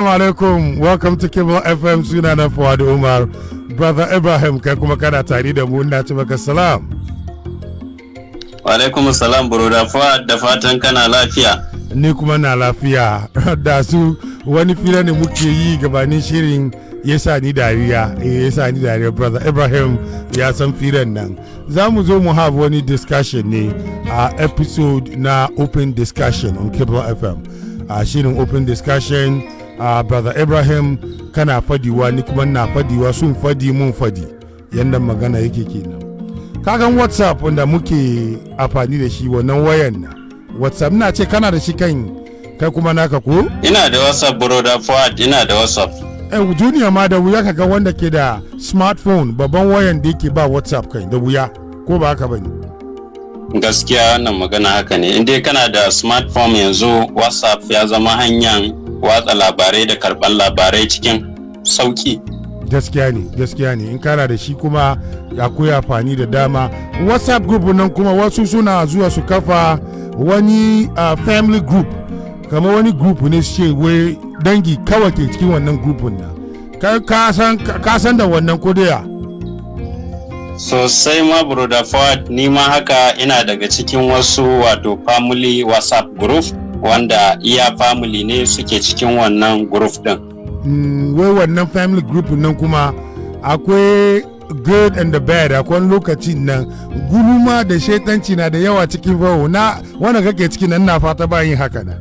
Assalamu alaikum, welcome to Kibble FM suna na Fuadu Umar, Brother Ibrahim kai kuma kana tare da mu ina ci maka salam. Wa alaikum salam broda Fuad da fatan kana lafiya. Ni kuma na lafiya, da su wani fira ne muke yi gabanin shirin ya sa ni dariya, eh, ya sa ni dariya Brother Ibrahim ya san firan nan. Za mu zo mu have wani discussion ne a episode na open discussion on Kibble FM. A shirin open discussion uh, brother ibrahim kana fadiwa ni kuma na fadiwa sun fadi mun fadi yadda magana yake kenan kagan whatsapp wanda muke amfani da shi wannan wayan na whatsapp na ce kana da shi kan kai kuma naka ko ina da whatsapp broda fuad ina da whatsapp eh duniya ma da wuya kaga wanda ke da smartphone babban wayan da yake ba whatsapp kai da wuya ko ba haka bane gaskiya wannan magana haka ne inda kana da smartphone yanzu whatsapp ya zama hanyar watsa labarai da karban labarai cikin sauki gaskiya ne gaskiya ne in kana da shi kuma akwai amfani da dama whatsapp group nan kuma wasu suna zuwa su kafa wani uh, family group kamar wani group ne ce wai dangi kawai ke cikin wannan group na ka san da wannan kodaya Sosai ma Broda ford ni ma haka ina daga cikin wasu wato family WhatsApp group wanda iya family ne suke cikin wannan group din. Mm, wai wannan family group nan kuma akwai good and the bad akwai lokacin nan guluma da shaitanci na da yawa cikin bawo na wanda kake cikin nan na fata bayan haka na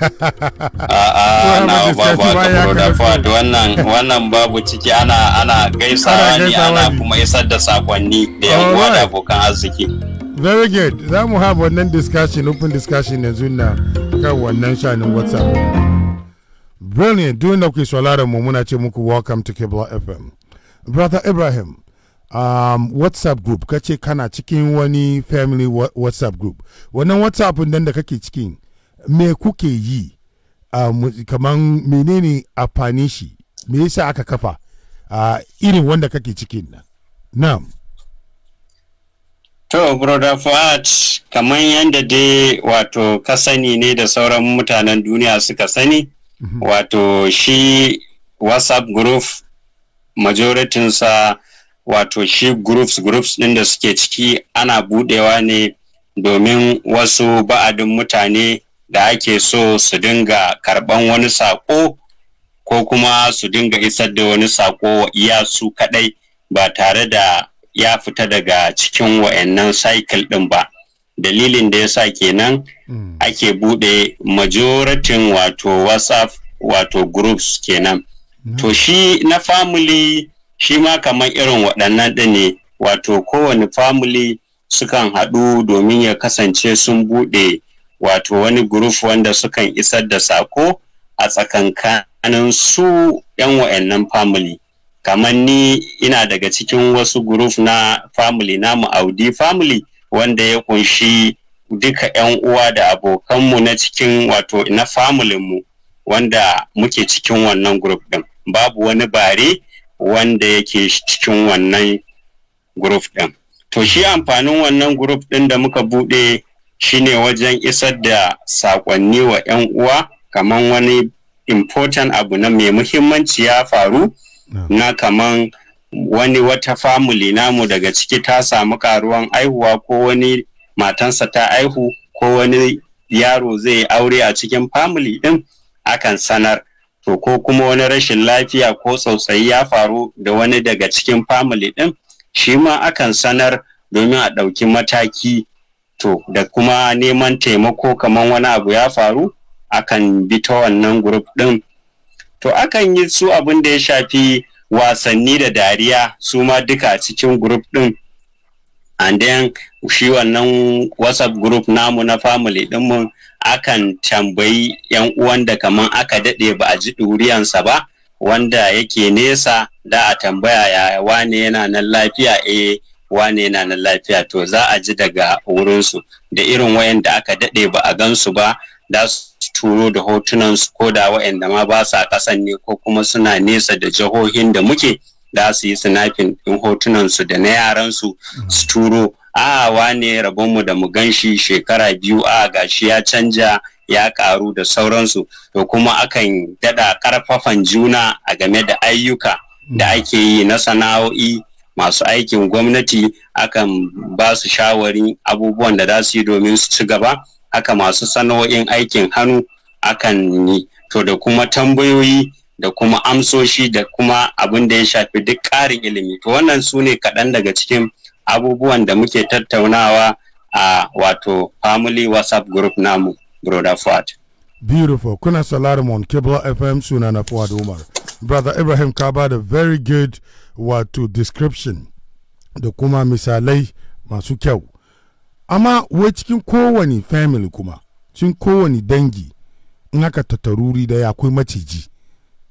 a'a na ba ba da fad wannan babu ciki ana ana gaisawa ne ana kuma isar da sakonni da yan uwa da abokan arziki very good za mu have wannan discussion open discussion yanzu na kan wannan shanin whatsapp brilliant duk da kuke sauraron mu muna ce muku welcome to Kibla FM brother Ibrahim um, whatsapp group kace kana cikin wani family whatsapp group wannan whatsapp din da kake cikin me kuke yi kamar menene fani shi me yasa aka kafa a irin wanda kake cikin nan na'am To, Brother Fuad, kamar yadda dai wato ka sani ne da sauran mutanen duniya suka sani, mhm. wato shi WhatsApp group majoritinsa wato shi groups groups ɗin da suke ciki ana budewa ne domin wasu ba'adin mutane da ake so su dinga karban wani sako ko kuma su dinga isar da wani sako iya su kadai ba tare da ya fita daga cikin wa'annan cycle din ba dalilin da ya yasa kenan hmm. ake bude majoratin wato whatsapp wato groups kenan hmm. to shi na family shi ma kamar irin waɗannan ɗin ne wato kowane family sukan haɗu domin ya kasance sun buɗe wato wani guruf wanda sukan isar da sako a tsakankanin su 'yan wa'annan family kamar ni ina daga cikin wasu guruf na family namu audi family wanda ya kunshi duka 'yan uwa da abokanmu na cikin wato na mu wanda muke cikin wannan guruf din babu wani bare wanda yake cikin wannan guruf din to shi amfanin wannan guruf din da muka buɗe. shine wajen isar da saƙonni wa 'yan uwa kamar wani important abu na mai muhimmanci ya faru na kaman wani wata family namu daga ciki ta samu karuwan aihuwa ko wani matansa ta aihu ko wani yaro zai aure a cikin family ɗin, akan sanar to ko kuma wani rashin lafiya ko tsautsayi ya faru da wani daga cikin family ɗin, shi ma akan sanar domin a ɗauki mataki to da kuma neman taimako kamar wani abu ya faru akan bi ta wannan group ɗin to akan yi su abin da ya shafi wasanni da dariya su ma duka cikin group ɗin and then shi wannan whatsapp group namu na family ɗinmu akan tambayi yan uwan da kaman aka daɗe ba a ji ɗuriyansa ba wanda yake nesa da a tambaya ya wane yana nan lafiya eh wane na nan lafiya to za a ji daga wurinsu da irin wayan da aka daɗe ba a gansu ba da su turo da hotunansu ko da wayanda ma ba sa ƙasan ne ko kuma suna nesa da jihohin da muke da su yi sinafin in hotunansu da na yaransu su su turo a wane rabonmu da mu ganshi shekara biyu a gashi ya canja ya karu da sauransu to kuma akan daɗa ƙarfafan juna a game da ayyuka da ake yi na sana'o'i masu aikin gwamnati akan ba su shawari abubuwan da za su yi domin su ci gaba haka masu sana'o'in aikin hannu akan yi to da kuma tambayoyi da kuma amsoshi da kuma abin da ya shafi duk ƙarin ilimi to wannan su ne kaɗan daga cikin abubuwan da muke tattaunawa a wato family whatsapp group namu brother fuad beautiful kuna salarimon kibla fm suna na fuad umar brother ibrahim ka ba da very good wato description da kuma misalai masu kyau amma wai cikin kowane family kuma cikin kowane dangi in aka tattaruri ya akwai maciji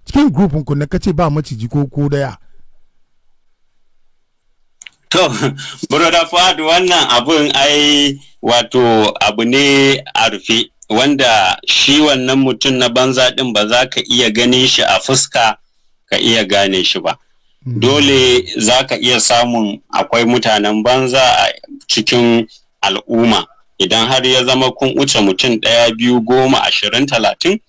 cikin grupin ku na kace ba maciji ko ko daya to broda fad wannan abun ai wato abu ne a rufe wanda shi wannan mutum na banza din ba za ka iya ganin shi a fuska ka iya gane shi ba dole za ka iya samun akwai mutanen banza a cikin al'umma idan har ya zama kun wuce mutum ɗaya biyu goma ashirin talatin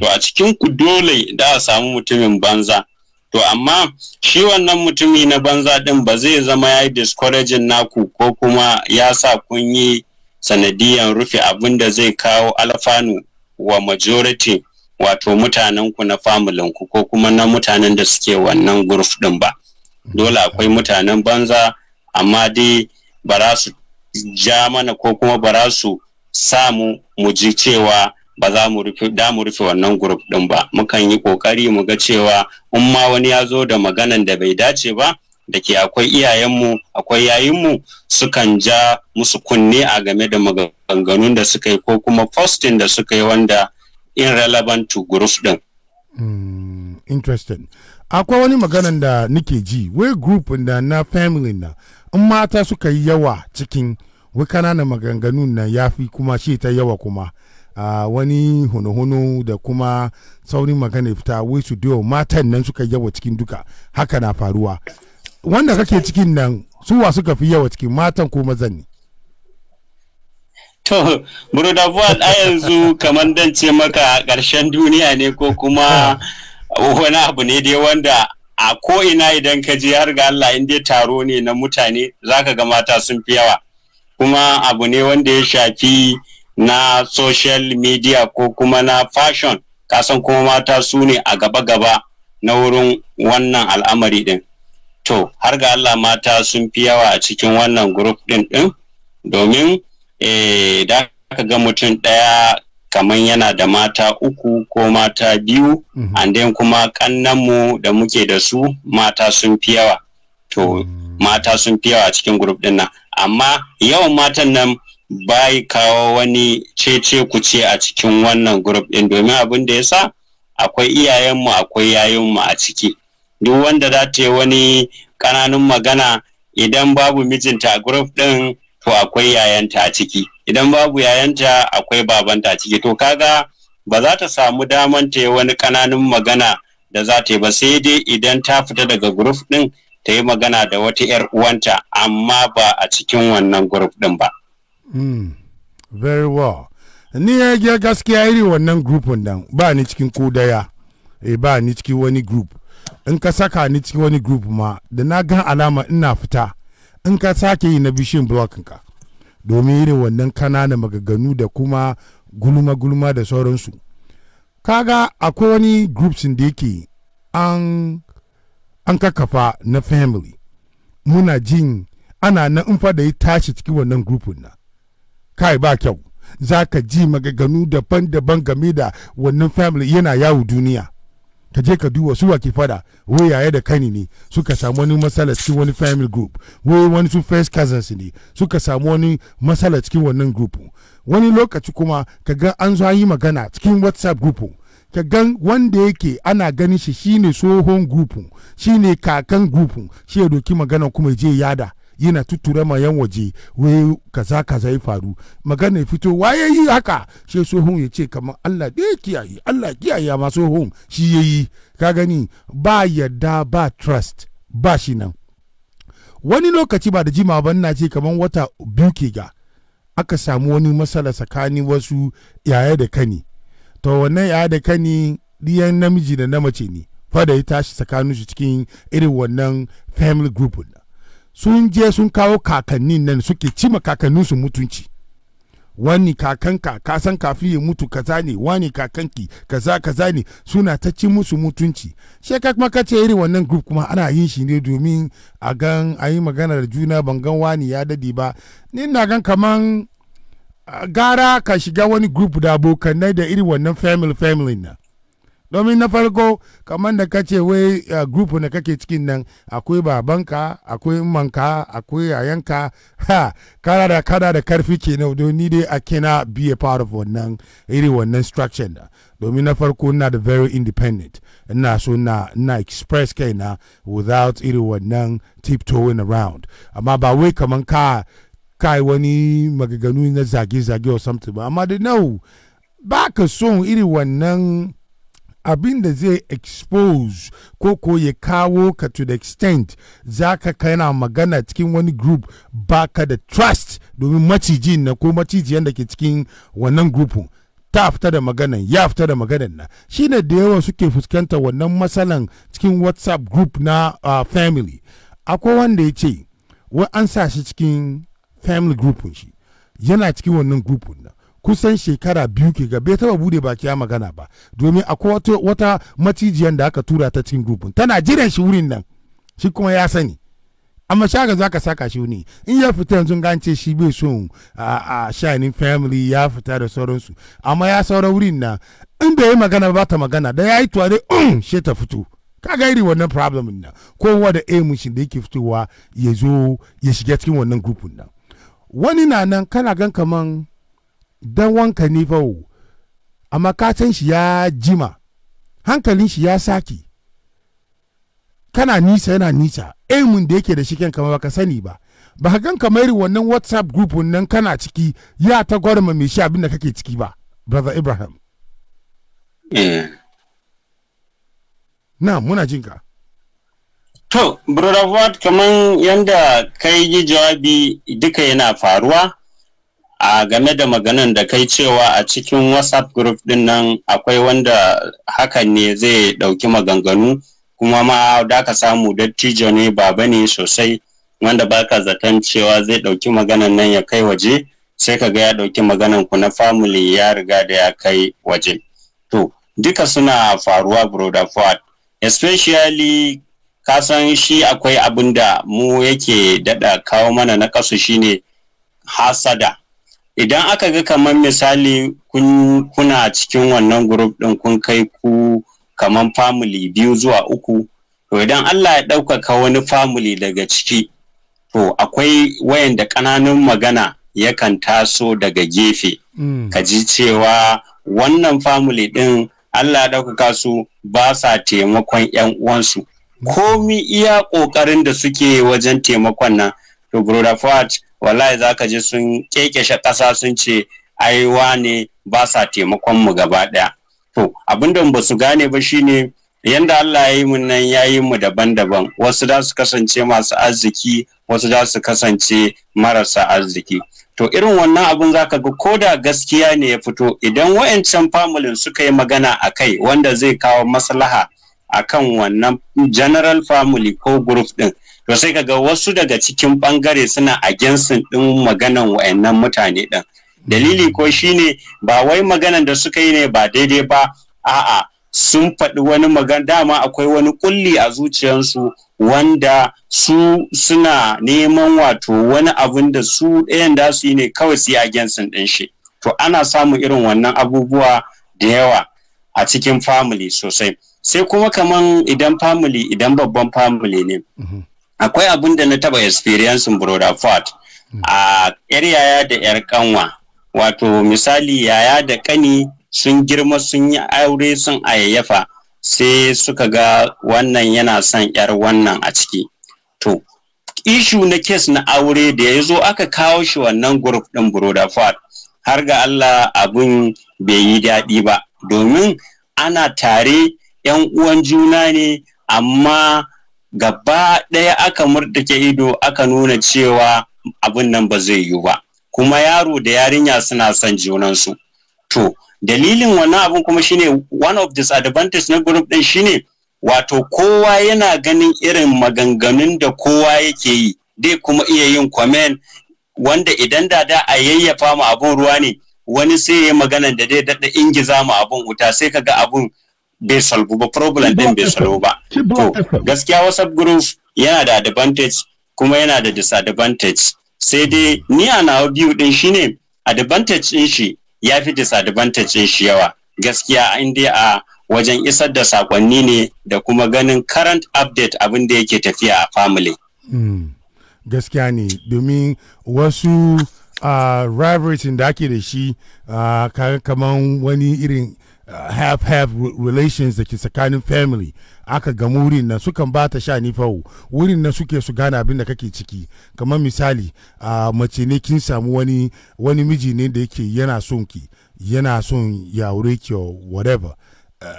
to a cikin ku dole da a samu mutumin banza to amma shi wannan mutumi na banza din ba zai zama ya yi discouraging naku ko kuma ya sa kun yi sanadiyan rufe abin da zai kawo alfanu wa majority wato mutanen ku na familin ku ko kuma na mutanen da suke wannan guruf din ba dole akwai mutanen banza amma dai ba za su ja mana ko kuma ba za su samu mu ji cewa ba za mu rufe da mu rufe wannan guruf din ba mukan yi kokari mu ga cewa in ma wani ya zo da maganan da bai dace ba da ke akwai iyayenmu akwai yayinmu sukan ja musu kunne a game da maganganun da suka yi ko kuma postin da suka yi wanda irrelevant to group din hmm, interesting akwai wani maganan da nike ji wai group da na family na in mata suka yi yawa cikin wai kananan maganganun na yafi kuma shi ta yawa kuma uh, wani hunu da kuma saurin magana fita wai su matan nan suka yawa cikin duka haka na faruwa wanda kake cikin nan suwa suka fi yawa cikin matan ko mazan ne To, buwa a yanzu kamar ce maka ƙarshen duniya ne ko kuma wani abu ne dai wanda a ko'ina idan ka je har ga Allah in taro ne na mutane zaka ga mata sun fi yawa. Kuma abu ne wanda ya shafi na social media ko kuma na fashion kasan kuma mata su ne a gaba-gaba na wurin wannan al'amari din. To, har ga Allah mata sun fi yawa a cikin wannan group din ɗin domin eh da aka ga mutum ɗaya kamar yana da mata uku ko mata biyu mm kuma and then kuma kannanmu da muke da su mata sun fi yawa to mm. mata sun fi yawa cikin grup din nan amma yawan matan nan bai kawo wani cece kuce a cikin wannan grup din domin abin da ya sa akwai iyayenmu akwai yayinmu a ciki duk wanda za ta yi wani ƙananun magana idan babu mijinta a grup din to akwai yayanta a ciki idan babu yayanta akwai babanta a ciki to kaga ba za ta samu daman ta yi wani kananan magana da za ta yi ba sai dai idan ta fita daga group din ta yi magana da wata 'yar uwanta amma ba a cikin wannan group din ba. Mm, very well. Ni ya gaskiya iri wannan group nan ba ni cikin ko daya, eh ba ni cikin wani group. In ka saka ni cikin wani group ma, da na gan alama ina fita, in ka sake yi na bishin blokinka domin irin wannan kananan magaganu da kuma gulma-gulma da sauransu kaga akwai wani groups da yake an an kakafa na family muna jin ana na in fa da ya tashi cikin wannan grupin na kai ba kyau za ka ji magaganu daban-daban game da wannan family yana yawo duniya ka je ka duba su ke fada wai yaya da kani ne suka samu wani matsala cikin wani family group wai wani su first cousins ne suka samu wani matsala cikin wannan group wani lokaci kuma ka ga an zo yi magana cikin whatsapp group ka gan wanda yake ana ganin shi shine tsohon group shine kakan group shi ya doki magana kuma je yada yana tuttura ma yan waje wai kaza kaza ya faru magana ya fito waye yi haka sai sohun ya ce kamar Allah da ya kiyaye Allah kiyaye ma sohun shi ya yi ka gani ba yarda ba trust ba shi nan wani lokaci ba da jima ban na ce kamar wata biyu ke ga aka samu wani matsala tsakanin wasu yaya da kani to wannan yaya da kani diyan namiji da na mace ne fada ya tashi tsakanin su cikin irin wannan family group sun je sun kawo kakannin nan suke cima kakannin su mutunci wani kakanka ka san kafin ya mutu kaza ne wani kakanki kaza kaza ne suna ta ci musu mutunci she ka kuma kace irin wannan group kuma ana yin shi ne domin a gan a yi magana da juna ban gan wani ya dade ba ni na gan kaman gara ka shiga wani group da abokanai da iri wannan family family na domin na farko kamar da kace wai uh, group da kake cikin nan akwai babanka akwai manka akwai yayanka ha kara da kada da karfi kenan don ni dai a kina be a part of wannan iri wannan structure da domin na farko na da very independent ina so na na express kaina without iri wannan tiptoeing around amma ba wai kaman ka kai wani magaganu na zage-zage or something ba amma da no ba ka son iri wannan abin da zai expose ko ko ya kawo ka to the extent za ka kana magana cikin wani group ba ka da trust domin macijin na ko macijiyan da ke cikin wannan grupin ta fita da maganan ya fita da maganan na shine da yawa suke fuskanta wannan matsalan cikin whatsapp group na uh, family akwai wanda ya ce wai an sa shi cikin family group shi yana cikin wannan group na kusan shekara biyu ke ga bai taba bude baki ya magana ba domin akwai wata macijiyar da aka tura ta cikin grupin tana jiran shi wurin nan shi kuma ya sani amma shaga za ka saka shi wuni in ya fita yanzu gance shi bai so a shining family ya fita da sauransu amma ya saura wurin na in bai yi magana ba ta magana da ya yi tuware um, she ta fito ka ga iri wannan problem na kowa da aimin shi da yake fitowa ya zo ya shiga cikin wannan grupin nan wani na nan kana gan kaman dan wanka ne fa amma ka san shi ya jima hankalin shi ya saki kana nisa yana nisa aimin da yake da shi kyan kamar baka sani ba ba gan kamar wannan whatsapp group nan kana ciki ya ta gwarma mai shi abin da kake ciki ba brother ibrahim eh. na muna jin ka to brother what? kaman yanda kai yi jawabi duka yana faruwa a game da maganan da kai cewa a cikin whatsapp group din nan akwai wanda hakan ne zai ɗauki maganganu kuma ma da ka samu dattijo ne baba ne sosai wanda baka zaton cewa zai ɗauki maganan nan ya kai waje sai ka ga ya ɗauki maganan ku na family ya riga da ya kai waje to duka suna faruwa broda ford especially kasan shi akwai abin da mu yake dada kawo mana na kasu shine hasada idan aka ga kamar misali kuna cikin wannan group ɗin kun kai ku kamar famili biyu zuwa uku to idan Allah ya ɗaukaka wani family daga ciki to akwai wayanda ƙananun magana yakan taso daga gefe mm. ka ji cewa wannan famili ɗin Allah ya ɗaukaka su ba sa taimakon 'yan uwansu mm. komi iya ƙoƙarin da suke wajen taimakon nan to brother Fuad wallahi za ka ji sun kekeshe ƙasa sun ce aiwa ne ba sa taimakon mu gaba ɗaya to abin da ba su gane ba shi ne yadda Allah ya yi mu nan ya yi mu daban-daban wasu za su kasance masu arziki wasu za su kasance marasa arziki to irin wannan abin za ka ga ko da gaskiya ne ya fito idan wayancan famulin suka yi magana a kai wanda zai kawo maslaha akan wannan general family ko group din to sai kaga wasu daga cikin bangare suna a agensin din maganan wayannan mutane din dalili ko shine ba wai maganan da suka yi ne ba daidai ba a'a sun faɗi wani magana dama akwai wani kulli a zuciyarsu wanda su suna neman wato wani abin da su ɗayan da su yi ne kawai su yi agensin ɗin shi to ana samun irin wannan abubuwa da yawa a cikin family sosai sai kuma kaman idan family idan babban family ne mm-hmm. akwai abin da na taba experience broda fort hmm. a yar yaya da yar kanwa wato misali yaya da kani sun girma sun yi aure sun ayyafa sai suka ga wannan yana son yar wannan a ciki to ishu na kes na aure da ya zo aka kawo shi wannan group din broda fort har ga Allah abin bai yi daɗi ba domin ana tare 'yan uwan juna ne amma gaba ɗaya aka ke ido aka nuna cewa abin nan ba zai yiwu ba kuma yaro da yarinya suna son junansu to dalilin wannan abin kuma shine one of disadvantages na group din shine wato kowa yana ganin irin maganganun da kowa yake yi dai kuma iya yin comment wanda idan da da a yayyafa mu abun ruwa ne wani sai ya magana da dai dadda ingiza mu abun wuta sai ka ga abun bai salbu ba problem din bai salbu ba to gaskiya whatsapp group yana da advantage kuma yana da disadvantage sai dai ni a nawa biyu din shine advantage din shi ya fi disadvantage din shi yawa gaskiya in a wajen isar da sakonni ne da kuma ganin current update abin da yake tafiya a family. Hmm. gaskiya ne domin wasu uh, rivalry da ake da shi uh, ah, kamar wani irin Uh, have have relations da ke tsakanin family aka gamu wurin nan sukan ba ta sha ni fawo wurin nan suke su gane abin da kake ciki kamar misali a uh, mace ne kin samu wani wani miji ne da yake yana son ki yana son ya aure ki whatever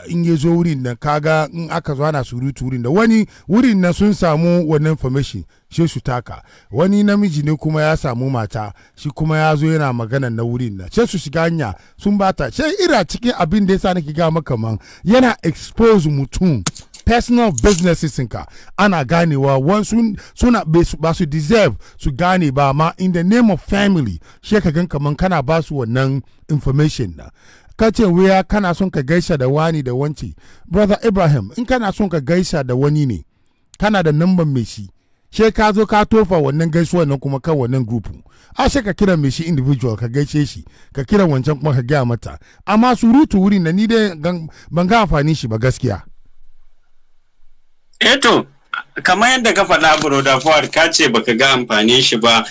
in ya zo wurin nan kaga in aka zo ana surutu wurin da wani wurin nan sun samu wani information shi su taka wani namiji ne kuma ya samu mata shi kuma ya zo yana magana na wurin nan sai su shiga hanya sun bata sai ira cikin abin da yasa nake ga maka man yana expose mutum personal businesses ka ana ganewa wasu suna ba su deserve su gane ba ma in the name of family shi ka gan kaman kana ba su wannan information na ka ce wuya kana son ka gaisa da wani da wanci brother ibrahim in kana son ka gaisa da wani ne kana da namban mai shi she ka zo ka tofa wannan gaisuwa nan kuma kan wannan grupu a she ka kira mai shi individual ka gaishe shi ka kira wancan kuma ka gaya mata amma surutu wuri na ni dai ban ga amfani shi ba gaskiya eto eh kamar yadda ka faɗa broda fawad ka ce baka ga amfanin shi ba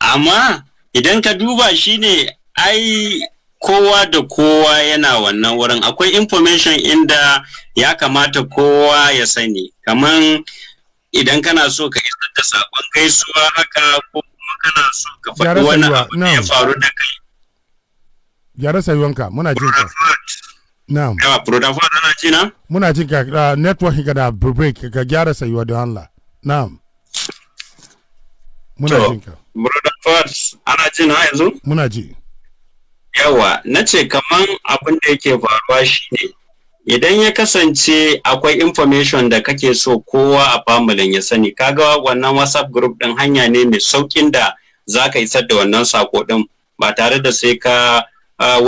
amma idan ka duba shi ne ai kowa da kowa yana wannan wurin akwai information inda ya kamata kowa ya sani kaman idan kana so ka isar da sakon gaisuwa haka ko kuma kana so ka faɗi wani abu da ya faru da kai gyara sayuwanka muna jin ka na'am yawa product ana ci na muna jin ka uh, network ka da break ka gyara sayuwa don Allah na'am muna jin ka product ana ji na yanzu muna ji yawa na ce kaman abin da yake faruwa shine idan ya kasance akwai information da kake so kowa a familin ya sani kaga wannan whatsapp group din hanya ne mai saukin da za ka isar da wannan sako ɗin ba tare da sai ka uh,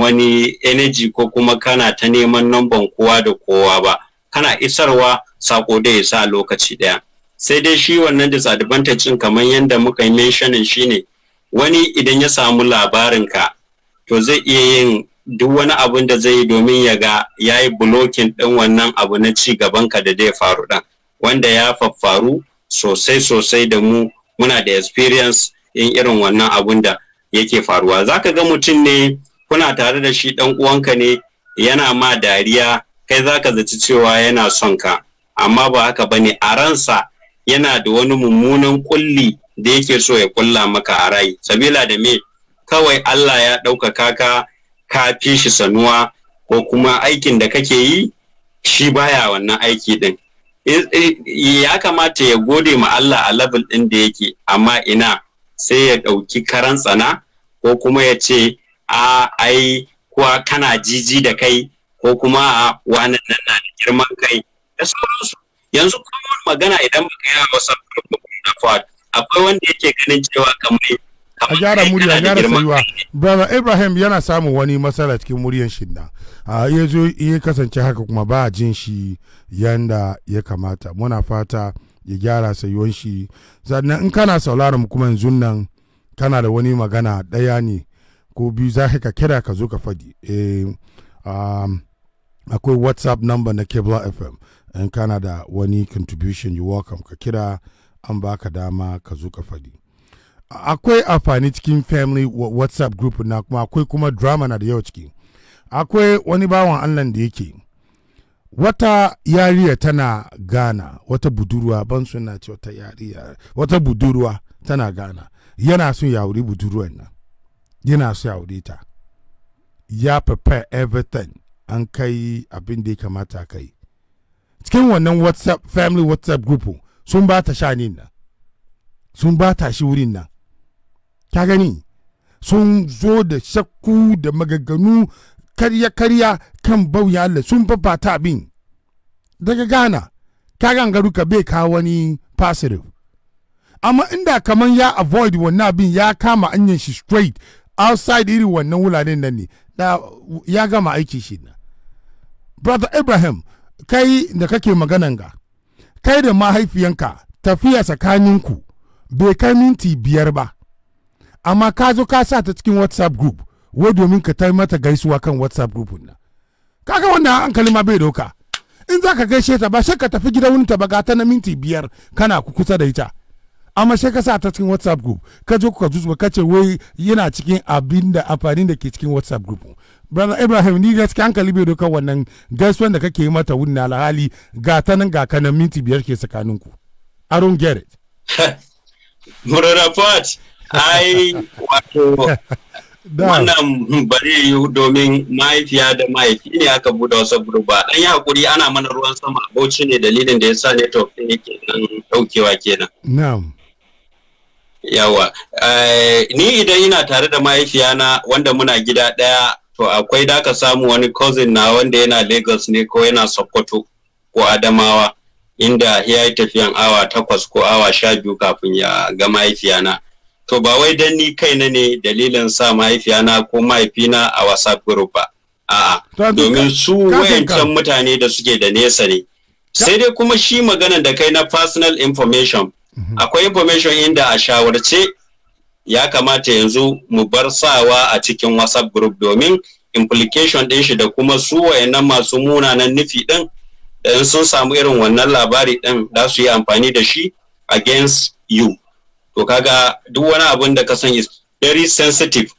wani energy ko kuma kana ta neman namban kowa da kowa ba kana isarwa sako da ya sa lokaci ɗaya. sai dai shi wannan disadvantage kamar yadda muka yi mentionin shine wani idan ya samu labarinka to zai iya yin duk wani abun da zai yi domin ya ga ya yi bulokin ɗin wannan abu na ci gaban ka da zai faru ɗan wanda ya faffaru sosai sosai da mu muna da experience in irin wannan abun da yake faruwa za ka ga mutum ne kuna tare da shi ɗan uwanka ne yana ma dariya kai za ka zaci cewa yana son ka amma ba haka ba ne a ransa yana da wani mummunan kulli da yake so ya kulla maka a rai sabila da me kawai Allah ya ɗauka ka ka fi shi sanuwa ko kuma aikin da kake yi shi baya wannan aiki ɗin. Eh, ya kamata ya gode ma Allah a level ɗin da yake, amma ina sai ya ɗauki karan tsana ko kuma ya ce, a ai kuwa kana jiji da kai ko kuma a wanan nan na da girman kai da sauransu. Yanzu kuma magana idan baka yi a wasan akwai wanda yake ganin cewa kamar a gyara murya gyara sayuwa brother abraham yana samun wani matsala cikin muryan shi da ya zo ya kasance haka kuma ba jin shi yanda ya kamata muna fata ya gyara sayuwan shi sannan in kana sauraron kuma yanzu nan kana da wani magana ɗaya ne ko biyu za ka kira ka zo ka faɗi eh, akwai whatsapp number na cable fm in kana da wani contribution you welcome ka kira an baka dama ka zo ka faɗi akwai amfani cikin family whatsapp group na kuma akwai kuma drama na da yawa ciki akwai wani bawan allah da yake wata yariya tana gana wata budurwa ban suna ce wata yariya wata budurwa tana gana yana son ya wuri budurwan nan yana son ya wuri ta ya prepare everything an kai abin da ya kamata kai cikin wannan whatsapp family whatsapp group sun ba ta sha nan sun ba ta shi wurin nan ka gani sun zo da shakku da magaganu karya-karya kan bauya Allah sun fafata abin daga Ghana ka gangaru ka bai kawo wani positive amma inda kamar ya avoid wannan abin ya kama anyan shi straight outside iri wannan wulanen nan ne da ya gama aiki shi na brother Ibrahim kai da kake maganan ga kai da mahaifiyanka tafiya tsakaninku bai kai minti biyar ba amma ka zo ka sa ta cikin whatsapp group wai domin ka tai mata gaisuwa kan whatsapp group na kaga wannan hankali ma bai doka in za ka gaishe ta ba sai ka tafi gida ta ba gata na minti biyar kana ku kusa da ita amma sai ka sa ta cikin whatsapp group ka zo kuka zuzuba ka ce wai yana cikin abin da amfanin da ke cikin whatsapp group brother ibrahim ni gaskiya hankali bai doka wannan gaisuwan da kake yi mata wurin alhali ga ta nan ga kanan minti biyar ke tsakaninku i don't get it murna ai wato wannan bare yi domin mahaifiya da mahaifi ne aka buɗe wasu burba ɗan yi hakuri ana mana ruwan sama bauchi ne dalilin da ya sa network ɗin yake nan ɗaukewa kenan na'am yawa eh, ni idan ina tare da mahaifiya na wanda muna gida ɗaya to akwai da ka samu wani cousin na wanda yana lagos ne ko yana sokoto ko adamawa inda ya yi tafiyan awa takwas ko awa sha biyu kafin ya ga mahaifiyana. to ba wai dan ni kai na ne dalilin sa mahaifiyana ko mahaifina a whatsapp group ba a'a domin su wayancan mutane da suke da nesa ne sai dai kuma shi magana da kai na personal information mhm. akwai information inda a shawarce ya kamata yanzu mu bar sawa a cikin whatsapp group domin implication din shi da kuma su wayannan masu munanan nufi din da sun samu irin wannan labari din za su yi amfani da shi against you to kaga duk wani abun da ka san is very sensitive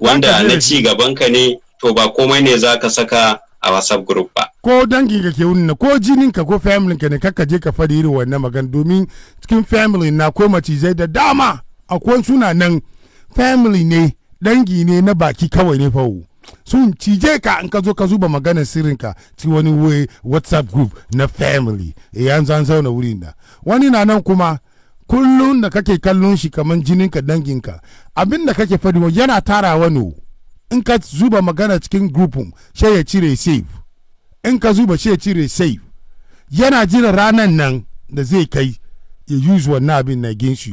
wanda na ci gaban ka ne to ba komai ne za ka saka a whatsapp group ba ko dangi ka ke wunna ko jinin ka ko family ka ne ka je ka fadi irin wannan magana domin cikin family na ko macizai da dama akwai suna nan family ne dangi ne na baki kawai ne fawo sun cije ka in ka zo ka zuba maganar sirrinka ci wani whatsapp group na family e an zan zauna wurin da wani na nan kuma kullum da kake kallon shi kamar jinin jininka danginka abin da kake faɗi yana tara wani in ka zuba magana cikin grupin sai ya cire save in ka zuba sai ya cire save yana jira ranan nan da zai kai ya use wannan abin na against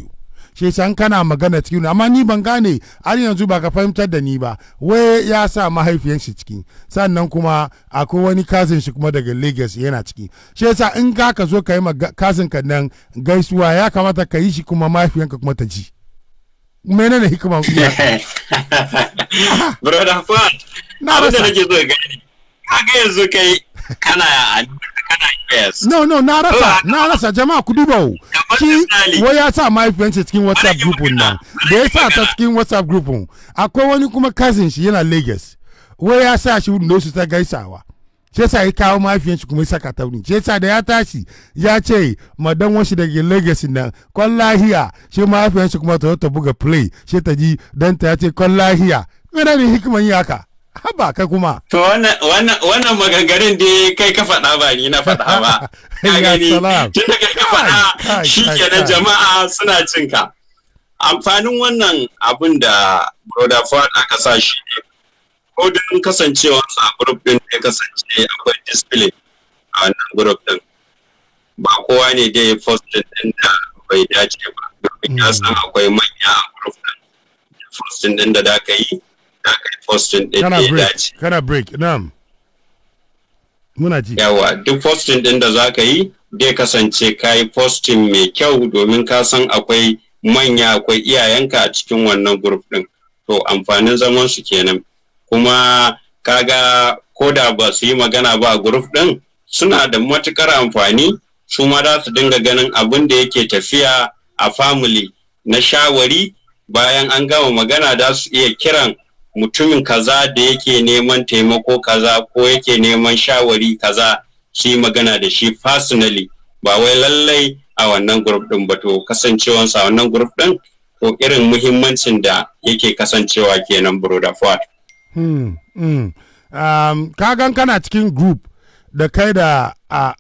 shi can kana magana cikin amma ni ban gane har yanzu ba ka fahimtar da ni ba wai ya sa mahaifiyan shi ciki sannan kuma akwai wani kasin shi kuma daga Lagos yana ciki shi yasa in ka ka zo ka yi kasin ka nan gaisuwa ya kamata ka yi shi kuma mahaifiyanka kuma ta ji menene hikima brother Fuad abin da nake so ka ga yanzu kai kana kana yes no no na rasa na rasa jama'a ku duba o shi wo ya sa friends cikin whatsapp group na. da ya sa ta cikin whatsapp group akwai wani kuma cousin shi yana lagos wo ya sa shi no su ta gaisawa she sa ya kawo mahaifiyan shi kuma saka ta wurin she sa da ya tashi ya ce madan wasu daga Lagos nan kon lahiya shi mahaifiyan shi kuma ta buga play shi ta ji dan ta ce kon lahiya mene ne hikiman yi haka haba kai kuma. To wannan maganganun da kai ka faɗa ba ni na faɗa ba. Ya gani tun da kai ka faɗa shi kenan jama'a suna cinka. Amfanin wannan abin da Broda Ford aka sa shi ne. Ko don kasancewa a group din ya kasance akwai display a wannan group din. Ba kowa ne da ya post din da bai dace ba. Domin ya mm. san akwai manya a group din. fostin din da da ka yi break na'am muna ji yawa duk postin din da zaka yi zai kasance ka yi postin mai kyau domin ka san akwai manya akwai iyayenka a cikin wannan group din to amfanin zaman su kenan kuma kaga ko da ba su yi magana ba a group din suna da matukar amfani su ma za su dinga ganin abin da yake tafiya a family na shawari bayan an gama magana da su iya kiran mutumin kaza da yake neman taimako kaza ko yake neman shawari kaza shi magana da shi personally ba wai lallai a wannan group din ba to kasancewansa a wannan group din to irin muhimmancin da yake kasancewa kenan broda fuad hmm, hmm. um, gan kana cikin group da kai da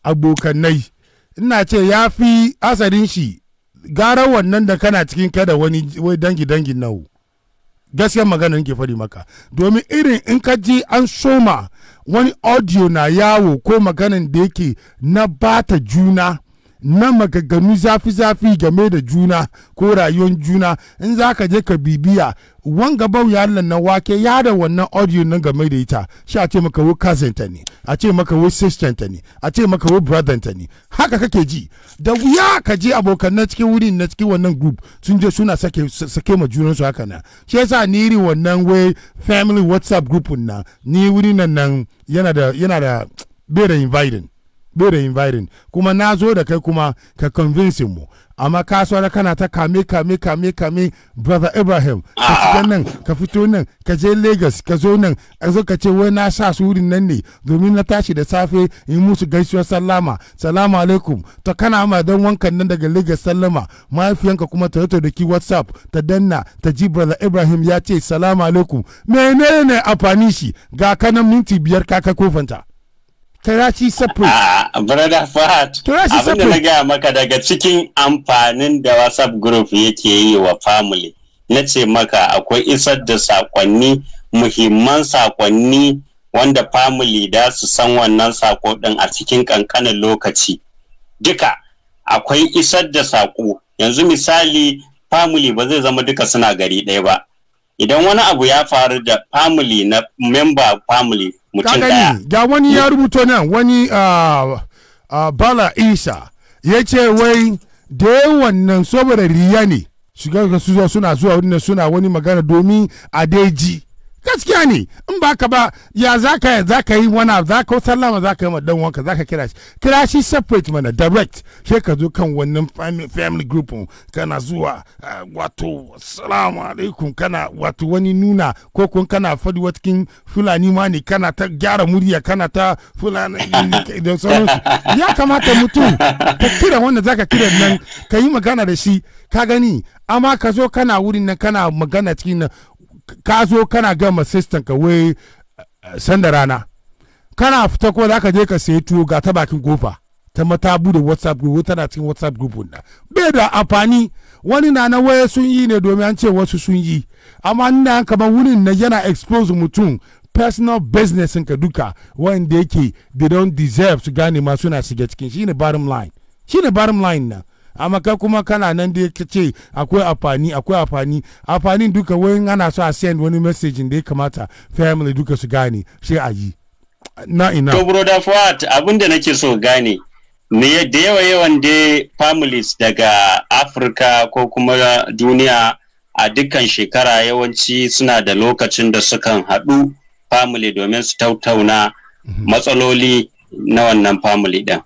abokanai ina ce ya fi asarin shi gara wannan da kana cikin kai da wani dangi dangi nau gaskiyar magana nake faɗi maka domin irin in ka ji an soma wani audio na yawo ko maganan da yake na bata juna na magaganu zafi-zafi game da juna ko rayuwar juna in za ka je ka bibiya wanga bau ya na wake ya da wannan audio nan game da ita shi a ce maka wo cousin ta ne a ce maka wo sister ta ne a ce maka wo brother ta ne haka kake ji da wuya ka je abokan na cikin wurin na cikin wannan group sun je suna sake sake ma junan su haka na shi yasa ni iri wannan wai family whatsapp group na ni wurin nan nan yana da yana bai inviting bai da inviting kuma na zo da kai kuma ka convince mu amma ka so da kana ta kame kame kame kame brother ibrahim ka ah. shiga nan ka fito nan ka je lagos ka zo nan a zo ka ce wai na sa surin nan ne domin na tashi da safe in musu gaisuwar sallama salamu alaikum ta kana ma dan wankan nan daga lagos sallama mahaifiyanka kuma ta da ki whatsapp ta danna ta ji brother ibrahim ya ce salamu alaikum menene amfani shi ga kanan minti biyar ka kofanta Tarashi separate. Ah, brother Fahad. Tarashi separate. Abinda na gaya maka daga cikin amfanin da WhatsApp group yake yi wa family. Na ce maka akwai isar da sakonni muhimman sakonni wanda family da su san wannan sako din a cikin kankanin lokaci. Duka akwai isar da sako. Yanzu misali family ba zai zama duka suna gari ɗaya ba. idan wani abu ya faru da family na member family mutum daya ga wani ya rubuto nan wani ah, ah, bala isa ya ce wai da yawan nan saboda riya ne shiga suna zuwa wani suna wani magana domin a daiji gaskiya ne in ba ka ba ya za ka yi wani za ka sallama za ka yi dan wanka za ka kira shi kira shi separate mana direct shi ka zo kan wannan family group kana zuwa eh, wato salamu alaikum kana wato wani nuna ko kun kana fadi watakin fulani ma ne kana ta gyara murya kana ta fulani da sauransu ya kamata mutum ka kira wanda za ka kira nan ka yi magana da shi ka gani amma ka zo kana wurin nan kana magana cikin nan ka zo kana gama system ka wai eh, sanda rana kana fita kuma za ka je ka sayi tuwo ga ta bakin gofa ta mata bude whatsapp group tana cikin whatsapp group na bai da amfani wani na na waya sun yi ne domin an ce wasu sun yi amma ina kamar wurin na yana expose mutum personal business ka duka wanda yake they don't deserve su gane ma suna shiga cikin shine bottom line shine bottom line na amma kai kuma kana nan da ka ce akwai amfani akwai amfani amfanin duka wani ana so a send wani message da ya kamata family duka su gane sai a yi na ina to brother fuat abin da nake so gane me da yawa yawan da families daga Afirka ko kuma duniya a dukkan shekara yawanci suna da lokacin da sukan haɗu family domin su tattauna mhm. matsaloli na wannan family ɗin.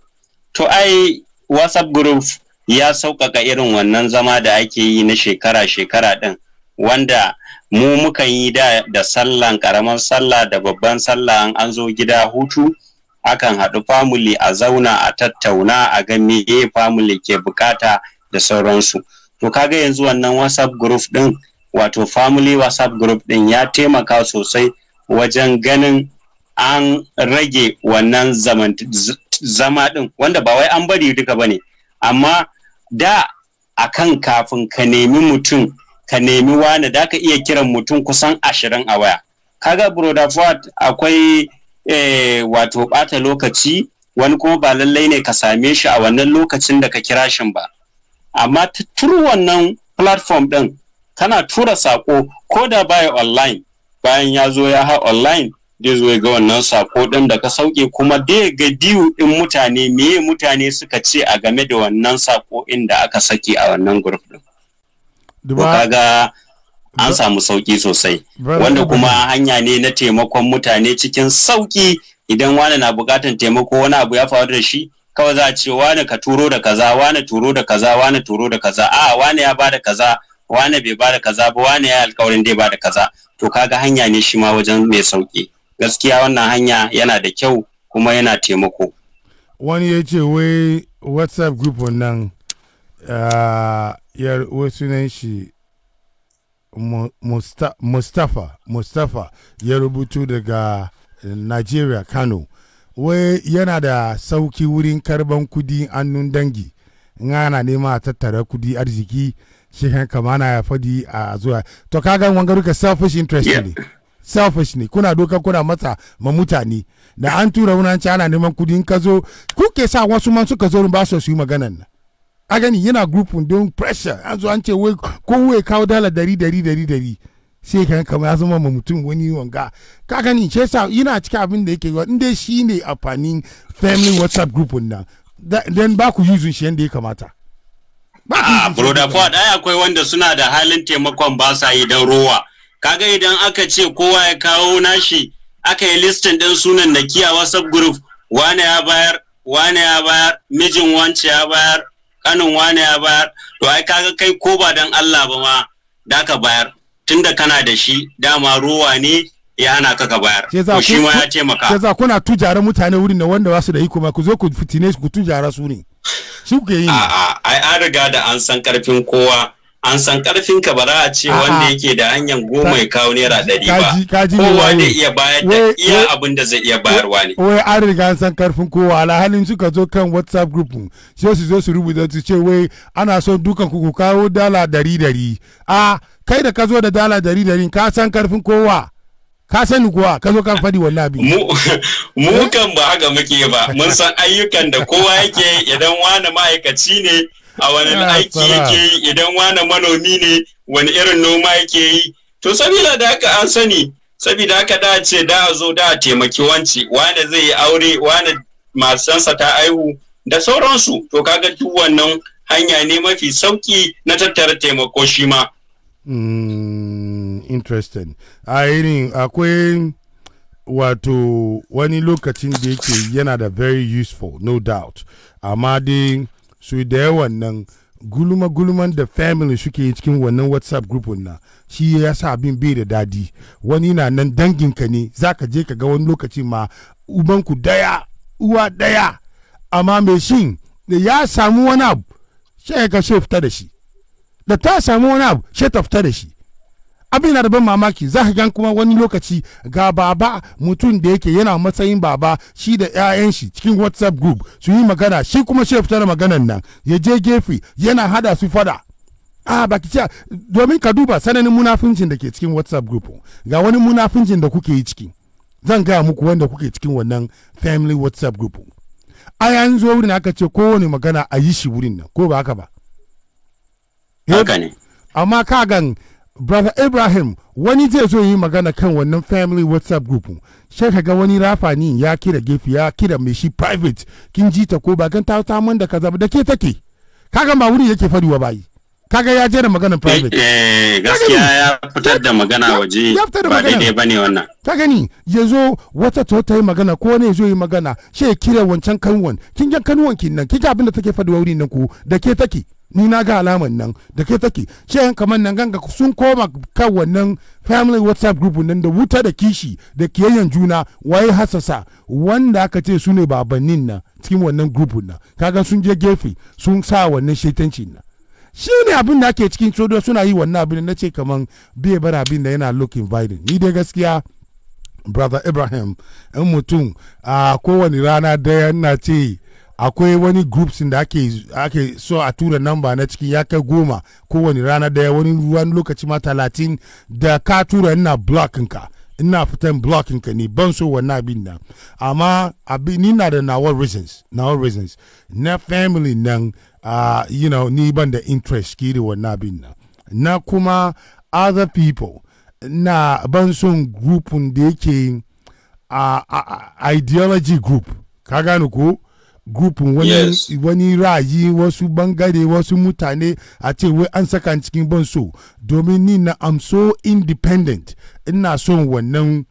To ai WhatsApp group ya sauƙaƙa irin wannan zama da ake yi na shekara-shekara ɗin wanda mu mukan yi da, da sallan ƙaramin sallah da babban sallah an zo gida hutu akan haɗu family a zauna a tattauna a ga me family ke bukata da sauransu to kaga yanzu wannan whatsapp group ɗin wato family whatsapp group ɗin ya taimaka sosai wajen ganin an rage wannan zama ɗin wanda ba wai an bari duka ba ne amma da a kan kafin ka nemi mutum ka nemi wani da ka iya kiran mutum kusan ashirin a waya kaga broda fuad akwai eh, wato bata lokaci wani kuma ba lallai ne ka same shi a wannan lokacin da ka kira shi ba amma ta turu wannan platform ɗin tana tura sako ko da baya online bayan ya zo ya ha online zai zo ga wannan sako ɗin da ka sauke kuma dai ga diyu ɗin mutane meye mutane suka ce a game da wannan sako ɗin da aka saki a wannan group ɗin. kaga an samu sauki sosai wanda kuma hanya ne na taimakon mutane cikin sauki idan wani na buƙatar taimako wani abu ya faru da shi kawai za a ce wani ka turo da kaza wani turo da kaza wani turo da kaza a wani ya ba da kaza wani bai bada kaza ba wani ya alkawarin dai ba da kaza to kaga hanya ne shi ma wajen mai sauki gaskiya wannan hanya yana da kyau kuma yana taimako wani ya ce wai whatsapp group wannan ah, yar sunan shi mustapha mustapha ya rubutu daga nigeria kano wai yana da sauki wurin karban kudi annun dangi in ana nema a tattara kudi arziki shi kama ya fadi a zuwa to kagan ka selfish interest ne yeah. selfish ne kuna doka kuna matsa ma mutane da an tura wani ci ana neman kudi in ka zo kuke sa wasu man suka zo ba su yi maganan nan a gani yana grupin don pressure an zo an ce wai ko wai kawo dala dari dari dari dari sai kan kama ya zama ma mutum wani wanga ka gani shi sa yana cikin abin da yake in dai shi ne amfanin family whatsapp group nan dan ba ku yuzun shi yanda ya kamata ba a ah, broda ko daya akwai wanda suna da halin taimakon ba sa yi dan rowa kaga idan aka ce kowa ya kawo nashi aka yi listin ɗin sunan da kiya whatsapp group wane ya bayar wane ya bayar mijin wance ya bayar kanin wane ya bayar to ai kaga kai ko ba dan Allah ba ma da ka bayar tunda kana da shi dama ruwa ne ya hana ka ka bayar to shi ma ya taimaka yaza kuna tujara mutane wurin da wanda wasu da iko ma ku zo ku fitine ku tujara su ne su ke yi a'a ai an riga da an san karfin kowa an san karfin ka bara a ce wanda yake da hanyar goma ya kawo naira ɗari ba kowa ne iya bayar da iya abin da zai iya bayarwa ne wai an riga an san karfin kowa alhalin suka zo kan whatsapp group sai su zo su rubuta su ce wai ana son dukan ku kawo dala dari dari a kai da ka zo da dala dari dari ka san karfin kowa ka sani kuwa ka zo kan fadi wallahi mu eh? kan ba haka muke ba mun san ayyukan da kowa yake idan wani ma'aikaci ne a wani aiki yake yi idan wani manomi ne wani irin noma yake yi to sabila da haka an sani sabida haka da ce da a zo da a taimaki wanci wani zai yi aure wani masansa ta aihu da sauransu to kaga duk wannan hanya ne mafi sauki na tattara taimako shi ma hmm, interesting a irin akwai wato wani lokacin da yake yana da very useful no doubt amma dai su da yawan nan gulma-gulman da family suke yi cikin wannan whatsapp group na shi ya sa abin bai da dadi wani na nan danginka ne za ka je ka ga wani lokaci ma ubanku daya uwa daya amma mai shin da ya samu wani abu sai ka so fita da shi da ta samu wani abu sai ta fita da shi abin na da ban mamaki za ka gan kuma wani lokaci ga baba mutum da yake yana matsayin baba shi da 'ya'yan shi cikin whatsapp group su yi magana shi kuma shi fitar maganan nan ya je gefe yana hada su fada a ah, baki ce domin ka duba sananin munafincin da ke cikin whatsapp group ga wani munafincin da kuke yi ciki zan gaya muku wanda kuke cikin wannan family whatsapp group a yanzu wurin aka ce kowane magana a yi shi wurin nan ko ba haka ba eh? haka ne amma kagan brother ibrahim wani zai zo yi magana kan wannan family whatsapp group sai ga wani rafani ya kira gefe ya kira mai shi private kin ji ta ko ba kan ta ta da kaza ba da ke take kaga ba wuri yake fariwa bayi kaga ya je da magana eh, private eh, gaskiya ya fitar da magana waje ba daidai bane wannan ka gani ya zo wata to ta yi magana ko ne zo yi magana sai kira wancan kanwan kin ga kanwan kin nan kika abin da take fadiwa wurin nan ko da ke take ni na ga alamar nan da ke take shi kamar nan ganga sun koma kan wannan family whatsapp group nan da wuta da kishi da kiyayyen juna waye hasasa wanda aka ce su ne babannin nan cikin wannan group nan kaga sun je gefe sun sa wannan shaitanci nan shi ne abin da ake cikin codo suna yi wannan abin na ce kamar bai bar abin da yana looking inviting ni dai gaskiya brother ibrahim in mutum a kowane rana daya yana ce akwai wani groups da ake, ake so a tura namba na cikin ya kai goma kowane rana daya wani ruwan lokaci ma talatin da ka tura ina ka ina fitan ka ne ban so wannan abin nan amma ni na da nawa reasons nawa reasons na family nan uh, you know ni ban da interest kiri wannan abin nan na kuma other people na ban son grupun da yake a uh, uh, ideology group ka gane ko gupin wani yes. wani ra'ayi wasu bangare wasu mutane a ce wai an saka cikin ban so domin ni na am so independent ina son wannan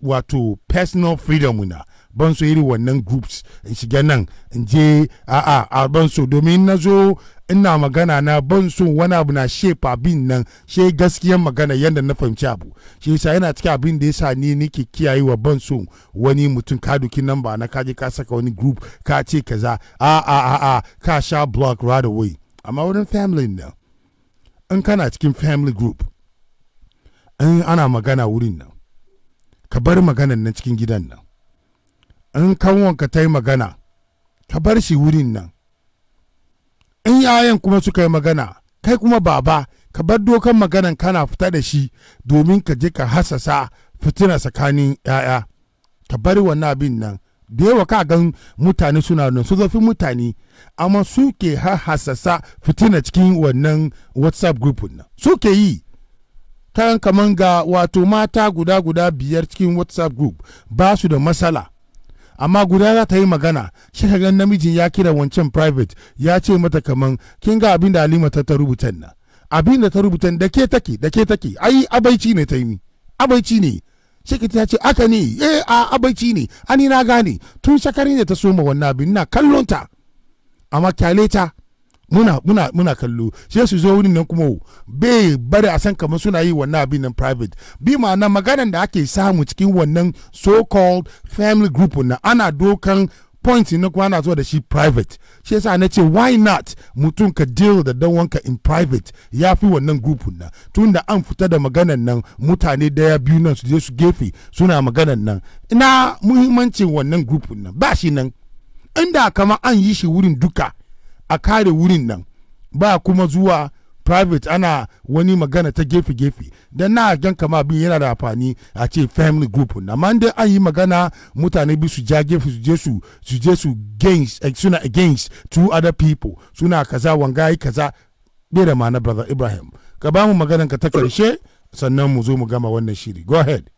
wato personal freedom na ban so irin wannan groups in shiga nan in je a'a a ban so domin na zo ina magana na ban so wani abu na shefa bin nan she gaskiyar magana yadda na fahimci abu shi yasa yana cikin abin da yasa ni nake kiyaye wa ban so wani mutum ka duki nan ba na kaje ka saka wani group ka ce kaza a a a a ka sha block right away amma wurin family nan in kana cikin family group in ana magana wurin nan ka bar maganan nan cikin gidan nan in kanwanka ta yi magana ka bar shi wurin nan in yayan kuma suka yi magana kai kuma baba ka bar dokan maganan kana fita da shi domin ka je ka hasasa fitina tsakanin 'ya'ya ka bari wannan abin nan da yawa ka gan mutane suna nan su zafi mutane amma su ke hasasa fitina cikin wannan whatsapp group nan su ke yi kayan kaman ga wato mata guda guda biyar cikin whatsapp group ba su da matsala amma guda za ta yi magana shi namijin ya kira wancan private ya ce mata kaman kin ga abin da halima ta rubuta na abin da ta rubuta da ke take da ke take ai abaici ne ta yi abaici ne shekiti ta ce aka ne eh a abaici ne ani na gane tun shakari ne ta soma wannan abin na kallon ta amma kyale ta muna muna muna kallo sai su zo wurin nan kuma bai bari a san kamar suna yi wannan abin nan private bi ma'ana maganan da ake samu cikin wannan so called family group na ana dokan point na kuma ana zuwa da shi private shi yasa na ce why not mutum ka deal da dan wanka in private ya fi wannan group na tunda an fita da maganan nan mutane daya biyu nan su je su gefe suna maganan nan ina muhimmancin wannan group nan ba shi nan inda kama an yi shi wurin duka a kare wurin nan ba kuma zuwa private ana wani magana ta gefe-gefe don na gan kama bin yana da amfani a ce family group na amma an yi magana mutane bi su ja gefe su je su su je su against eh, suna against two other people suna kaza wanga yi kaza bai da ma'ana brother ibrahim ka ba mu maganan ka ta karshe sannan mu zo mu gama wannan shiri go ahead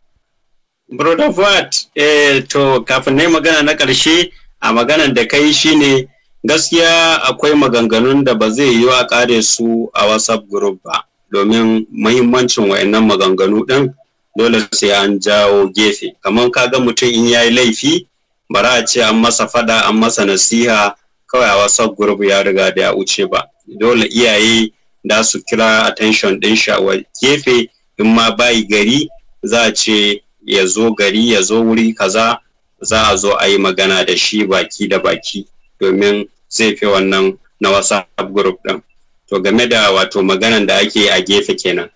brother fuad eh to kafin ne magana na karshe a maganan da kai shine gaskiya akwai maganganun da ba zai yiwu a kare su a whatsapp group ba domin mahimmancin wayannan maganganu ɗin dole sai an jawo gefe kamar kaga mutum in ya yi laifi bara a ce an masa fada an masa nasiha kawai a whatsapp group ya riga da ya wuce ba dole iyaye da su kira attention ɗin shi a gefe in ma bayi gari za a ce ya zo gari ya zo wuri kaza za a zo a yi magana da shi baki da baki domin zai fi wannan na whatsapp group ɗin to game da wato maganan da ake a gefe kenan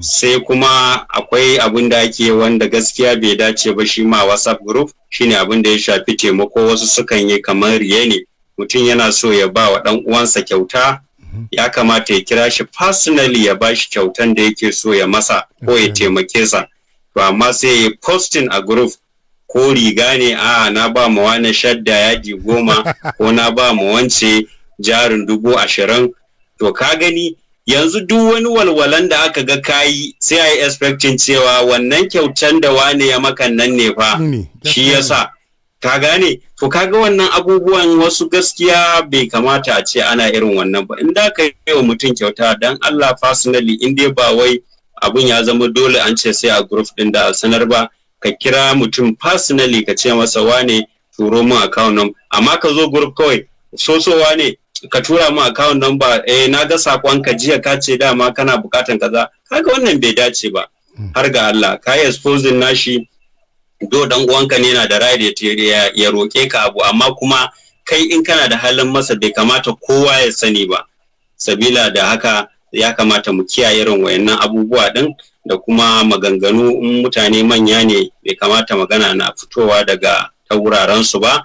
sai kuma akwai abin da ake wanda gaskiya bai dace ba shi ma whatsapp group shine abin da ya shafi taimako wasu sukan yi kamar riye ne mutum yana so ya ba wa ɗan uwansa kyauta ya kamata ya kira shi personally ya ba shi kyautan da yake so ya masa ko ya taimake sa to amma sai ya posting a group ko riga ne a na ba ma wani shadda yadi goma ko na ba ma wance jarin dubu ashirin to ka gani yanzu duk wani walwalan da aka ga kayi sai a yi expecting cewa wannan kyautan da wane ya makan nan ne fa shi yasa ka gane to ga wannan abubuwan wasu gaskiya bai kamata a ce ana irin wannan ba in da ka yi wa mutum kyauta dan Allah personally in dai ba wai abun ya zama dole an ce sai a group din da sanar ba ka kira mutum personally ka ce masa wane turo mu account number amma ka zo group kawai sosowa ne ka tura mu account number eh na ga sakon ka jiya ka ce dama kana bukatan kaza kaga wannan bai dace ba har ga Allah ka yi exposing nashi do dan uwanka ne yana da right ya, ya roke ka abu amma kuma kai in kana da halin masa bai kamata kowa ya sani ba sabila da haka ya kamata mu kiyaye irin wayannan abubuwa din da kuma maganganu in mutane manya ne bai kamata magana na fitowa daga ta wurarensu ba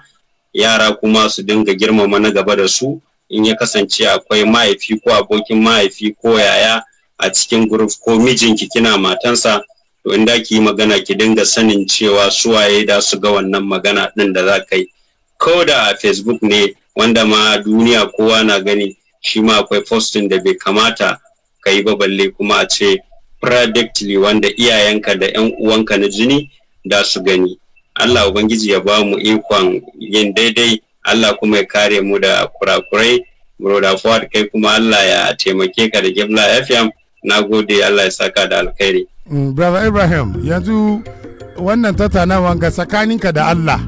yara kuma su dinga girmama na gaba da su in ya kasance akwai mahaifi ko abokin mahaifi ko yaya a cikin guruf ko mijinki kina matansa to inda ki yi magana ki dinga sanin cewa suwaye da su ga wannan magana din da za ka yi ko da facebook ne wanda ma duniya kowa na gani shi ma akwai postin da bai kamata ka yi ba balle kuma a ce directly wanda iyayenka da 'yan uwanka na jini da su gani Allah Ubangiji ya ba mu ikon yin daidai Allah kuma ya kare mu da kurakurai Broda Ford kai kuma Allah ya taimake ka da Gimla FM na gode Allah ya saka da alkhairi. Mm, Brother Ibrahim yanzu wannan tattaunawa ga tsakaninka da Allah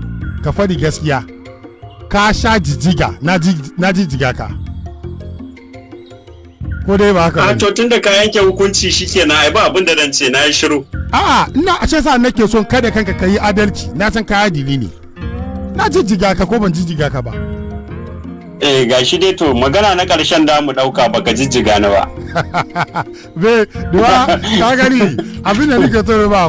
ka faɗi gaskiya ka sha jijiga na jijiga ka. ko dai ba haka ah, to tun da ka yanke hukunci shikenan ai ba abin da dan ce na yi shiru a'a ina a sa nake son kada kanka ka yi adalci na san ka adili ne na jijjiga ka ko ban jijjiga ka ba eh gashi dai to magana na karshen da mu dauka baka jijjiga na ba be duwa ka gani abin da nake tsoro ba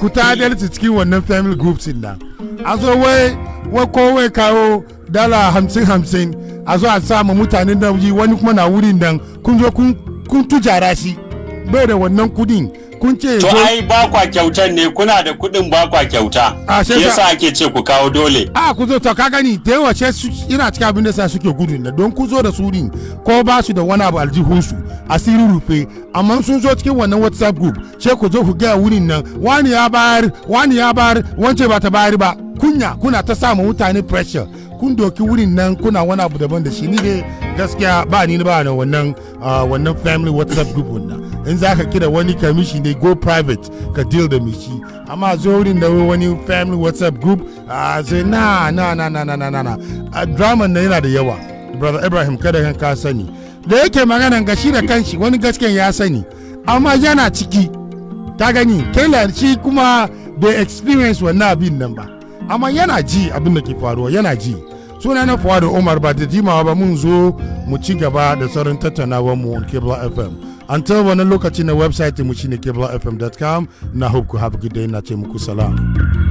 ku ta adalci cikin wannan family group din nan a zo wai wai kawo dala hamsin hamsin a zo a sa ma mutanen nan yi wani kuma na wurin nan kun zo kun tujara shi bai da wannan kudin kun ce to ai ba kwa kyautar ne kuna da kudin ba kwa kyauta yasa ake ce ku kawo dole a ku zo to ka gani da yawa ce ina cikin abin da sa suke gudu na don ku zo da su din ko ba su da wani abu aljihun su asiri rufe amma sun zo cikin wannan whatsapp group ce ku zo ku ga wurin nan wani ya bayar wani ya bayar wance ba ta bayar ba kunya kuna ta sa mutane pressure kun doki wurin nan kuna wani abu daban da shi ni dai gaskiya ba ni ba na wannan ah, wannan family whatsapp group wannan in za ka kira wani kamishi ne go private ka deal da mishi amma zo wurin da wani family whatsapp group a ah, sai na na na na na na na ah, drama na yana da yawa brother ibrahim kada kan ka sani da yake magana gashi da kanshi wani gasken ya sani amma yana ciki ta gani kila shi kuma bai experience wannan abin nan ba amma yana ji abin da ke faruwa yana ji suna na fuwa da umar ba da jimawa ba mun zo mu ci gaba da sauran tattaunawar mu kebla fm an ta wani lokaci na website mu shine fm.com na hope ku have good day na ce muku salam